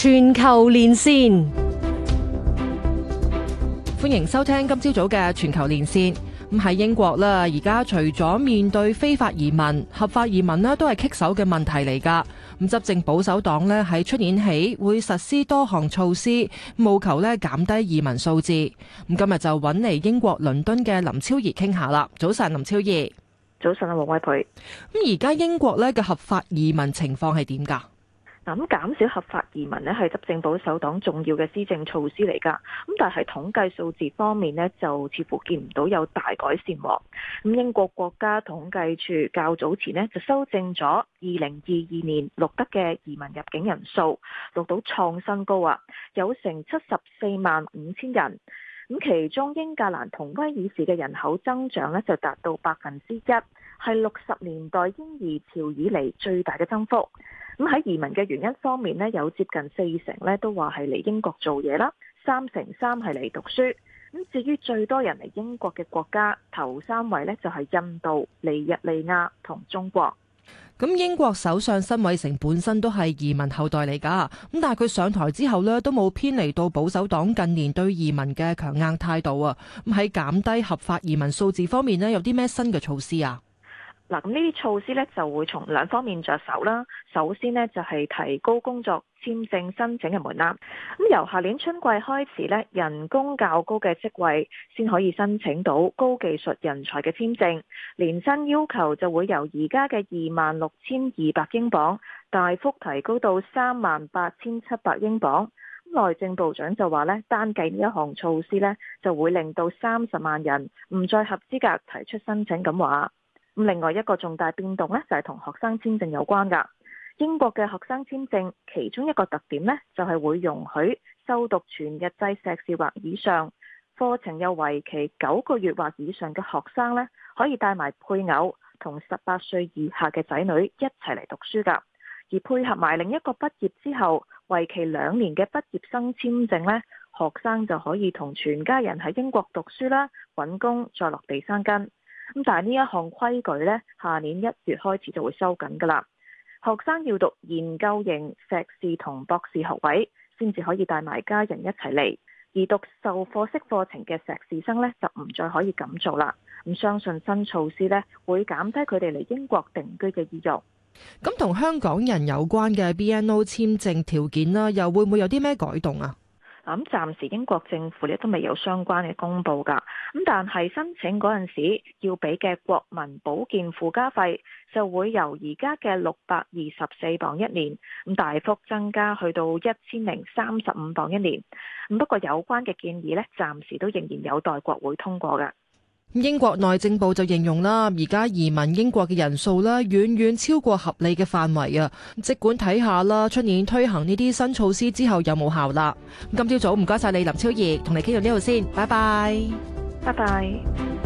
全球連線，歡迎收聽今朝早嘅全球連線。咁喺英國啦，而家除咗面對非法移民，合法移民咧都係棘手嘅問題嚟噶。咁執政保守黨咧係出年起會實施多項措施，務求咧減低移民數字。咁今日就揾嚟英國倫敦嘅林昭儀傾下啦。早晨，林昭儀。早晨啊，王慧蓓。咁而家英國咧嘅合法移民情況係點噶？咁減少合法移民呢，係執政保守黨重要嘅施政措施嚟㗎，咁但係統計數字方面呢，就似乎見唔到有大改善喎。咁英國國家統計處較早前呢，就修正咗二零二二年錄得嘅移民入境人數錄到創新高啊，有成七十四萬五千人。咁其中英格蘭同威爾士嘅人口增長呢，就達到百分之一，係六十年代嬰兒潮以嚟最大嘅增幅。咁喺移民嘅原因方面咧，有接近四成咧都話係嚟英國做嘢啦，三成三係嚟讀書。咁至於最多人嚟英國嘅國家，頭三位咧就係印度、尼日利亞同中國。咁英國首相辛偉誠本身都係移民後代嚟噶，咁但係佢上台之後咧，都冇偏離到保守黨近年對移民嘅強硬態度啊。咁喺減低合法移民數字方面咧，有啲咩新嘅措施啊？嗱，呢啲措施咧就會從兩方面着手啦。首先呢，就係、是、提高工作簽證申請嘅門檻。咁由下年春季開始咧，人工較高嘅職位先可以申請到高技術人才嘅簽證，年薪要求就會由而家嘅二萬六千二百英鎊大幅提高到三萬八千七百英鎊。內政部長就話咧，單計呢一項措施咧，就會令到三十萬人唔再合資格提出申請。咁話。咁另外一個重大變動咧，就係同學生簽證有關噶。英國嘅學生簽證其中一個特點咧，就係會容許修讀全日制碩士或以上課程又為期九個月或以上嘅學生咧，可以帶埋配偶同十八歲以下嘅仔女一齊嚟讀書噶。而配合埋另一個畢業之後為期兩年嘅畢業生簽證咧，學生就可以同全家人喺英國讀書啦，揾工再落地生根。咁但係呢一項規矩咧，下年一月開始就會收緊噶啦。學生要讀研究型碩士同博士學位，先至可以帶埋家人一齊嚟。而讀授課式課程嘅碩士生咧，就唔再可以咁做啦。咁相信新措施咧，會減低佢哋嚟英國定居嘅意欲。咁同香港人有關嘅 BNO 簽證條件啦，又會唔會有啲咩改動啊？咁暫時英國政府咧都未有相關嘅公布㗎，咁但係申請嗰陣時要俾嘅國民保健附加費就會由而家嘅六百二十四磅一年咁大幅增加，去到一千零三十五磅一年，咁不過有關嘅建議咧暫時都仍然有待國會通過㗎。英國內政部就形容啦，而家移民英國嘅人數呢，遠遠超過合理嘅範圍啊。即管睇下啦，出年推行呢啲新措施之後有冇效啦。咁今朝早唔該晒你，林昭儀，同你傾到呢度先，拜拜，拜拜。